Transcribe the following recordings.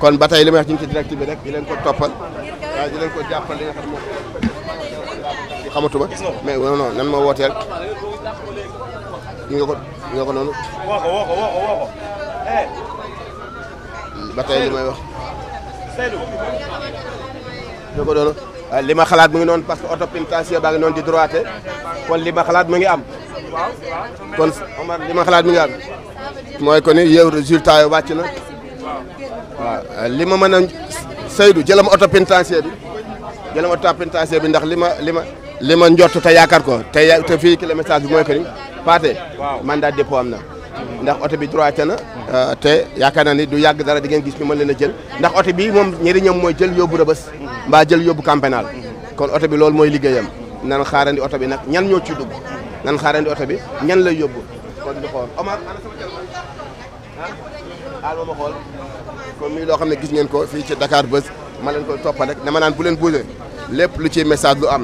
kon ba tey li may wax ñu ngi bi leen ko toppal waaw di leen ko jàppal li nga ko noonu. woo ko woo ko woo ko eh. ba li may wax. Ah, li ma xalaat mu ngi noonu parce que oto Pintasio baa ngi noonu di droité kon li ma mu ngi am. kon Omar li ma mooy que ni yow résultat yi wàcc na. waaw li ma mën a Seydou jëlam oto pénitencier bi jëlam oto pénitencier bi ndax li ma li ma li ma njort te yaakaar ko te te fii ki bi mooy que ni Pathé mandat dépôt am na ndax oto bi droité na euh, te yaakaar naa ni du yàgg dara di ngeen gis ñu ma leen a jël ndax oto bi moom ñeri ñoom mooy jël yóbbu Rebeuss mbaa jël yóbbu Camp Pénal kon oto bi loolu mooy liggéeyam nan xaarandi oto bi nag ñan ñoo ci dugg nan xaarandi oto bi ñan lay yóbbu kon di xool Omar ana comme nii loo xam ne gis ngeen ko fii ci dakaar Buzz ma leen ko toppal rek dama naan bu leen lépp lu ci message lu am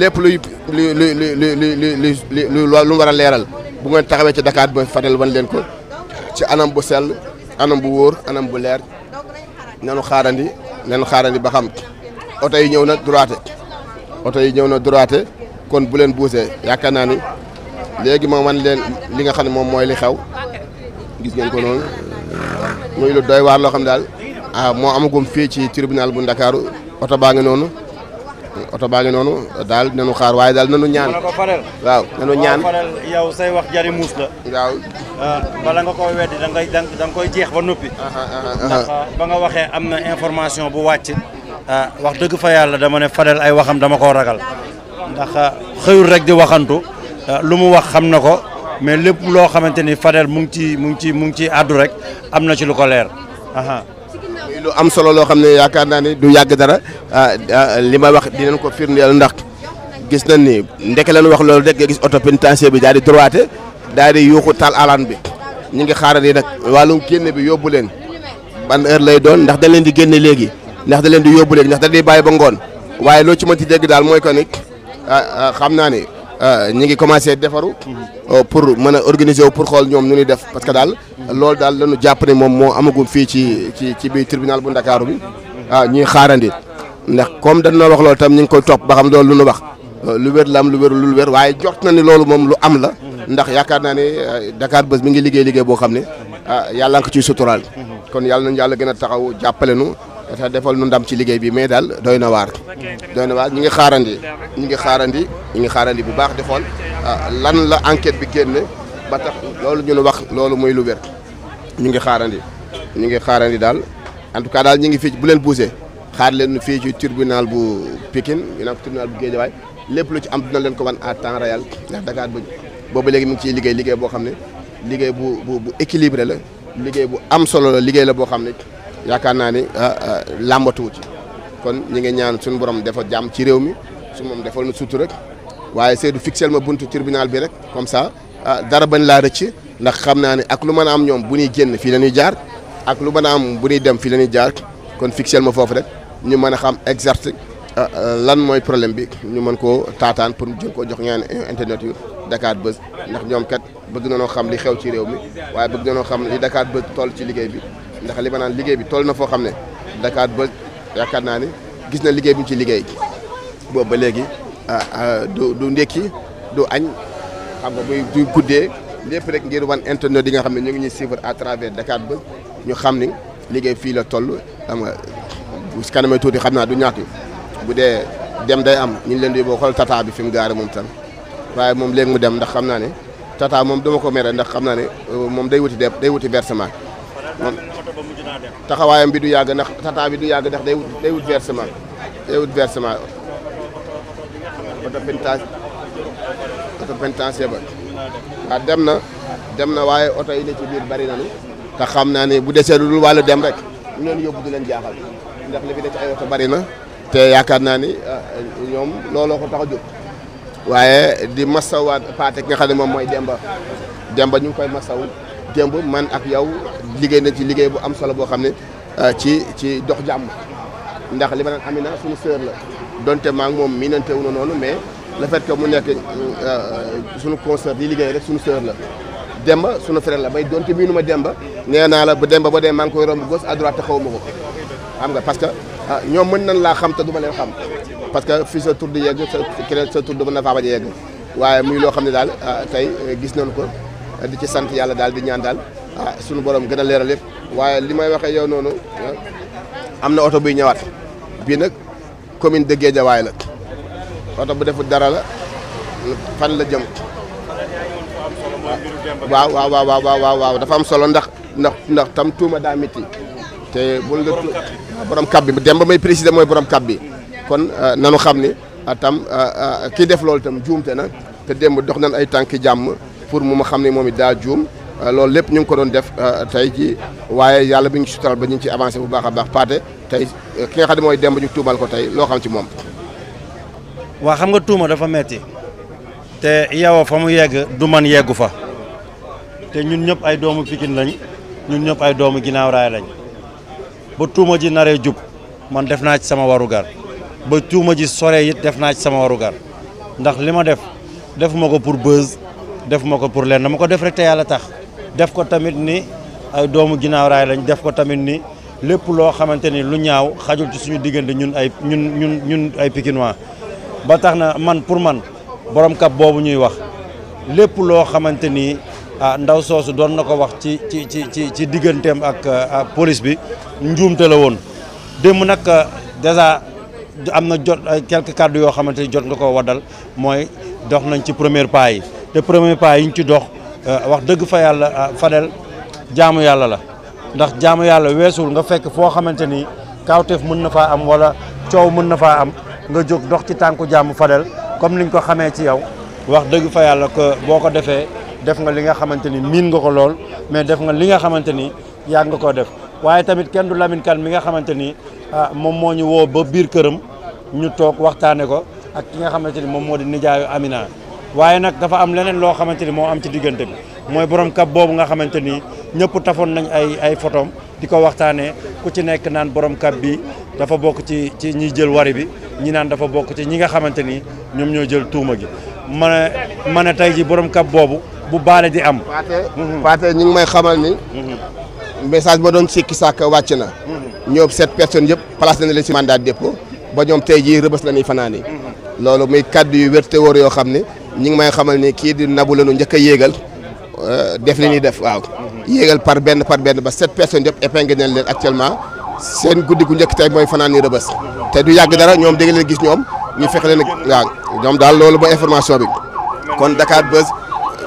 lépp luy lu lu lu lu war a leeral bu ngeen taxawee ci Dakar Buzz faral wan leen ko ci anam bu sell anam bu wóor anam bu leer nanu xaarandi nanu xaarandi ba xam oto yi ñëw na droite oto yi ñëw na droite kon bu leen bougé yaakaar naa ni léegi ma wan leen li nga xam ne moom mooy li xew gis ngeen ko noonu. muy lu doy waar xam daal ah moo amagum fii ci tribunal bu Ndakaaru oto baa ngi noonu oto baa ngi noonu daal nanu xaar waaye daal nanu ñaan. waaw nanu ñaan yow say wax jari muus la. waaw. Ah, bala nga koy weddi da koy jeex ba noppi. Ah, ah, ba nga waxee am na information bu wàcc. wax dëgg fa yàlla dama ne Fadel ay waxam dama koo ragal. ndax xëyul rek di waxantu. lu mu wax xam na ko. mais lépp loo xamante ni Fadel mu ngi ci mu ngi ci mu ngi ci àddu rek am na ci lu ko leer. muy lu am solo loo xam ne yaakaar naa ni du yàgg dara ah, ah, li may wax dinañ ko firndeel ndax gis na ni ndeke lañ wax loolu rek nga gis auto pénitentiaire bi daal di droité daal di yuuxu taal alaan bi ñu ngi xaarali nag wàllum génne bi yóbbu leen ban heure lay doon ndax dañ leen di génne léegi ndax da leen di yóbbu léegi ndax da di bàyyi ba ngoon waaye loo ci mënti dégg daal mooy que ni ah, xam naa ni. Euh, ñi ngi commencé defaru euh, pour mën a organiser pour xool ñoom nu ñuy def parce que daal loolu daal lañu jàpp ne moom moo amagum fii ci ci ci biir tribunal bu Ndakaaru bi waaw ah, ñuy xaarandi ndax comme dañ na wax loolu tam ñu ngi ko topp ba xam loolu lu nu wax euh, lu wér lam lu wérul lu weer waaye jot na ni loolu moom lu am la ndax yaakaar naa ne Dakar Buzz mi ngi liggéey liggéey boo xam ne ah, yàlla nga ko ciy suturaal kon yàlla nañu yàlla gën a taxaw jàppale nu te defool nu ndam ci liggéey bi mais daal doy na waar doy na waar ñu ngi xaarandi ñu ngi xaarandi ñu ngi xaarandi bu baax di xool ah, lan la enquête bi génne ba tax loolu ñu wax loolu muy lu wér ñu ngi xaarandi ñu ngi xaarandi daal en tout daal ñu ngi fii bu leen bougé xaar leen fii ci tribunal bu Pikine ñu naan tribunal bu Guédiawaye lépp lu ci am dina leen ko wan à temps réel ndax Dakar ba boobu léegi mi ngi ciy liggéey liggéey boo xam ne liggéey bu bu bu équilibré la liggéey bu am solo la liggéey la boo xam ne yaakaar naa ni ah, ah, làmbatuwu ci kon ñi ngi ñaan suñu borom dafa jàmm ci réew mi su moom defal na sutu rek waaye Seydou fixel ma buntu tribunal bi rek comme ça ah, dara bañ laa rëcc ndax xam naa ne ak lu mën a am ñoom bu ñuy génn fii la ñuy jaar ak lu mën a am bu ñuy dem fii la ñuy jaar kon fixel ma foofu rek ñu mën a xam exact lan mooy problème bi ñu mën koo taataan pour jël koo jox ñaan internet yu Dakar Buzz ndax ñoom kat bëgg na noo xam li xew ci réew mi waaye bëgg na noo xam li Dakar Buzz toll ci liggéey bi ndax li ma naan liggéey bi toll na foo xam ne Dakar ba yaakaar naa ne gis na liggéey bu ñu ci liggéey boobu ba léegi ah, ah, du du ndékki du añ xam nga muy du guddee lépp rek ngir wan internet yi nga xam ne ñu ngi ñuy suivre à travers Dakar ba ñu xam ni liggéey fii la toll xam nga bu si kanamee tuuti xam naa du ñàkk bu dee dem day am ñu ngi leen di boo xool tata bi fi mu gaare moom tam waaye moom léegi mu dem ndax xam naa ne tata moom dama ko mere ndax xam naa ne euh, moom day wuti de day wuti versement taxawaayam bi du yàgg ndax tata bi du yàgg ndax day wut day wut versement day wut versement oto pentas oto pentas ba waaw dem na dem na waaye oto yi ne ci biir bari nañu te xam naa ne bu desee lu dul dem rek lu leen yóbbu du leen jaaxal ndax li fi ne ci ay bari na te yaakaar naa ni ah, ñoom looloo ko tax a jóg waaye di masawaat paate nga xam moom mooy Demba Demba ñu ngi koy masawu démb man ak yow liggéey nañ ci liggéey bu am solo boo xam ne euh, ci ci dox jàmm ndax li ma naan Amina suñu sœur la donte maa ngi moom miinante wu na noonu mais le fait que mu nekk euh, suñu concert di liggéey rek suñu sœur la Demba suñu frère la bay donte miinu ma Demba nee naa la ba Demba ba dee maa ngi koy romb gauche à droite te xaw ma ko xam nga parce que ah, ñoom mën nañ laa xam te du leen xam parce que fii sa tur di yegg sa keneen sa tur du mën na faa bañ a yegg waaye muy loo xam ne daal ah, tey euh, gis nañ ko di ci sant yàlla daal di ñaan daal ah suñu borom gën a leeral yëpp waaye li may waxee yow noonu ah, am na oto buy ñëwaat bii nag commune de Guédiawaye la oto bu deful dara la fan la jëm. waaw waaw waaw waaw waaw dafa am solo ndax ndax ndax tam tuuma daa métti te bul la ah, borom kab bi dem ba may préciser mooy boroom kab bi kon ah, nanu xam ni tam kii def loolu tam juumte na te démb dox nañ ay tànki jàmm. pour mu ma xam ne moom it daa juum euh, loolu lépp ñu ngi ko doon def euh, tey ji waaye yàlla bi ñu sutural ba ñu ci avancé bu baax a baax paate tey euh, ki nga xam ne mooy dem ba ñu tuumal ko tey loo xam ci moom waa xam nga tuuma dafa metti te yow fa mu yegg du man yeggu fa te ñun ñëpp ay doomu Pikine lañ ñun ñëpp ay doomu ginnaaw raay lañ ba tuuma ji naree jub man def naa ci sama warugar ba tuuma ji sore it def naa ci sama warugar ndax li ma def defuma ko pour buzz def ma ko pour leen dama ko def rek te yàlla tax def ko tamit ni ay doomu ginnaaw raay lañ def ko tamit ni lépp loo xamante ni lu ñaaw xajul ci suñu diggante ñun ay ñun ñun ñun ay pikinois ba tax na man pour man borom kap boobu ñuy wax lépp loo xamante ni ah ndaw soosu doon na ko wax ci ci ci ci ci digganteem ak ah, police bi njuumte la woon démb nag ah, déjà am na jot ay quelques kaddu yoo xamante ni jot nga ko waddal mooy dox nañ ci première pas yi te premier pas yi ñu ci dox euh, wax dëgg fa yàlla euh, Fadel jaamu yàlla la ndax jaamu yàlla weesul nga fekk foo xamante ni kawteef mën na faa am wala coow mën na faa am nga jóg dox ci tànku jaamu Fadel comme niñ ko xamee ci yow wax dëgg fa yàlla ko boo ko defee def nga li nga xamante ni miin nga ko lool mais def nga li nga xamante ni yàgg nga ko def waaye tamit kenn du Lamine Kane mi nga xamante ni ah moom moo ñu woo ba biir këram ñu toog waxtaane ko ak ki nga xamante ni moom moo di nijaayu Amina waaye nag dafa am leneen loo xamante ni moo am ci diggante mooy borom kap boobu nga xamante ni ñëpp tafoon nañ ay ay photom di ko waxtaanee ku ci nekk naan borom kap bi dafa bokk ci ci ñiy jël wari bi ñi naan dafa bokk ci ñi nga xamante ni ñoom ñoo jël tuuma gi ma ne ma ne tey ji borom kab boobu bu baale di am. Pathé mhm. ñu ngi may xamal ni. Mhm. message ba doon sikki sàkk wàcc na. Mhm. ñoom sept personnes yëpp placé nañ leen ci mandat de dépôt ba ñoom tey jii rëbës la ñuy fanaani loolu muy kaddu yu wérte wóor yoo xam ne. ñi ngi may xamal ni kii di nabu la njëkk yéegal euh, def li ñuy def waaw yéegal par benn par benn ba sept personnes yëpp épingle nañ leen actuellement seen guddi gu njëkk tey mooy fanaan ni rëbës te du yàgg dara ñoom dégg leen gis ñoom ñu fexe leen waaw ñoom daal loolu ba information bi kon Dakar Buzz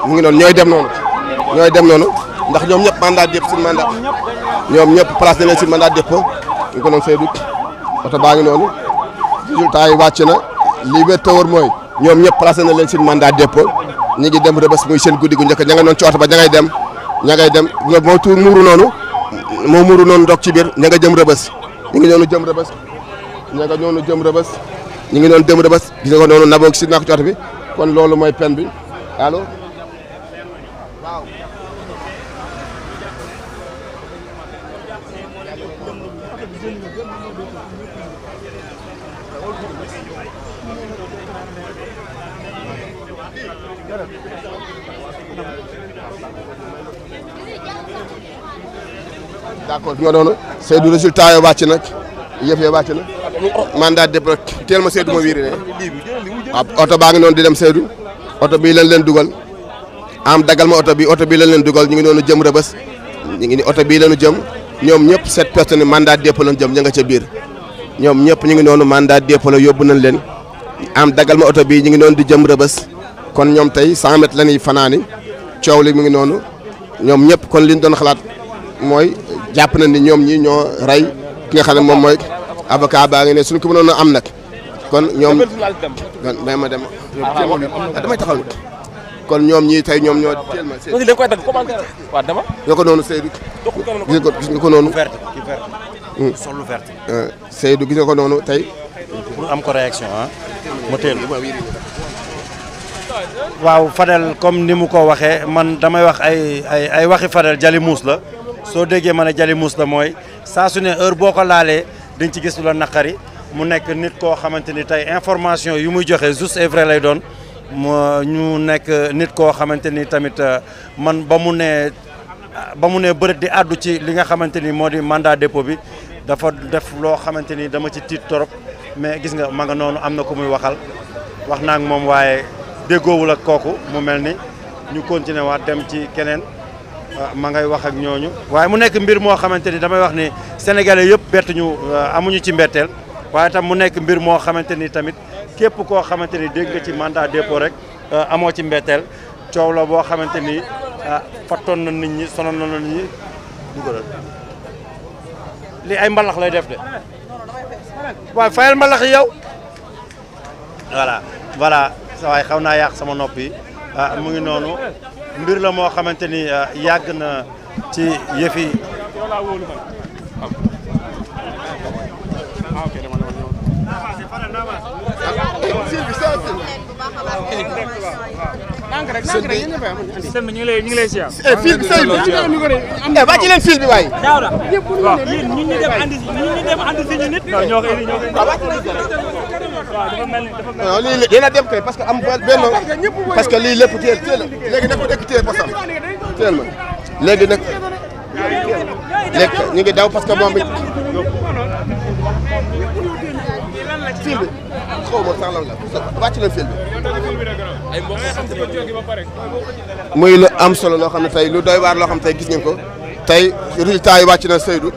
mu ngi noonu ñooy dem noonu ñooy dem noonu ndax ñoom ñëpp mandat yëpp suñu mandat ñoom ñëpp place na si mandat dépôt ñu ko noonu Seydou oto baa ngi noonu résultat yi wàcc na li wér te wóor mooy ñoom ñëpp placé na leen suñu mandat dépôt ñi ngi dem rëbës muy seen guddi gu njëkk ña nga noon ci oto ba ña ngay dem ña ngay dem moo tuur muuru noonu moo muuru noonu ndox ci biir ña nga jëm rëbës ñu ngi noonu jëm rëbës ña nga noonu jëm rëbës ñu ngi noonu jëm rëbës gis nga ko noonu naboog si naa ko ci oto bi kon loolu mooy peine bi allo d' accord nga noonu Seydou résultat yoo wàcc nag yëf yoo wàcc na mandat dëpp rek teel ma Seydou ma wiiri ne waaw oto baa ngi noonu di dem seedu oto bii lañ leen dugal am dagal ma oto bi oto bii lañ leen dugal ñu ngi noonu jëm rëbës ñu ngi ni oto bii lañu jëm ñoom ñëpp set personnes mandat dëpp lañ jëm ña nga ca biir ñoom ñëpp ñu ngi noonu mandat dëpp la yóbbu nañ leen am dagal ma oto bii ñu ngi noonu di jëm rëbës kon ñoom tey 100 mètres la fanaani coow li mu ngi noonu ñoom ñëpp kon li ñu doon xalaat mooy jàpp na ni ñoom ñi ñoo rey ki nga xam ne moom mooy avocat baa ngi ne suñ ko mënoon a am nag kon ñoom may ma dem damay taxaw ñii tey ñoom ñoo teel ma ñoo ko noonu Seydou gis nga ko gis nga ko noonu hmm. euh, Seydou gis nga ko noonu tey am ko réaction ah mu waaw Fadel comme ni mu ko waxee man damay wax ay ay ay waxi Fadel jali muus la soo déggee ma ne jali muus la mooy saa su ne heure boo ko laalee dañ ci gis lu la naqari mu nekk nit koo xamante ni tey information yu muy joxe juste et vrai lay doon ñu nekk nit koo xamante ni tamit euh, man ba mu ne ba mu ne bërët di àddu ci li nga xamante ni moo di mandat dépôt bi dafa def loo xamante ni dama ci tiit torop mais gis nga ma nga noonu am na ko muy waxal wax naa ak moom waaye. déggoowul ak kooku mu mel ni ñu continué waat dem ci keneen ah, ma ngay wax ak ñooñu. waaye mu nekk mbir moo xamante ni damay wax ni sénégalais yëpp bettuñu ah, amuñu ci mbetteel waaye tam mu nekk mbir moo xamante ni tamit képp koo xamante ni dégg nga ci mandat dépôt rek ah, amoo ci mbetteel coow la boo xamante ni fattoon na nit ñi sonoon na ni ñi dugalal li ay mbalax lay def de waaye fayal mbalax yi yow voilà waaye xaw naa yàq sama nopp yi mu ngi noonu mbir la moo xamante ni yàgg na ci yëf yi. sëñ bi sëñ bi ñu waaw lii dem kay parce que am benn parce que lii lépp teel teel a léegi na ko dëkk teel ba sax teel ma léegi nag léegi ngi daw parce que moom it. fil bi xaw ma sax na muy lu am solo loo xam ne tey lu doy waar loo xam ne tey gis ngeen ko tey résultat yi wàcc na Seydou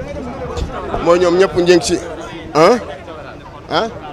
moo ñoom ñëpp njëng ci ah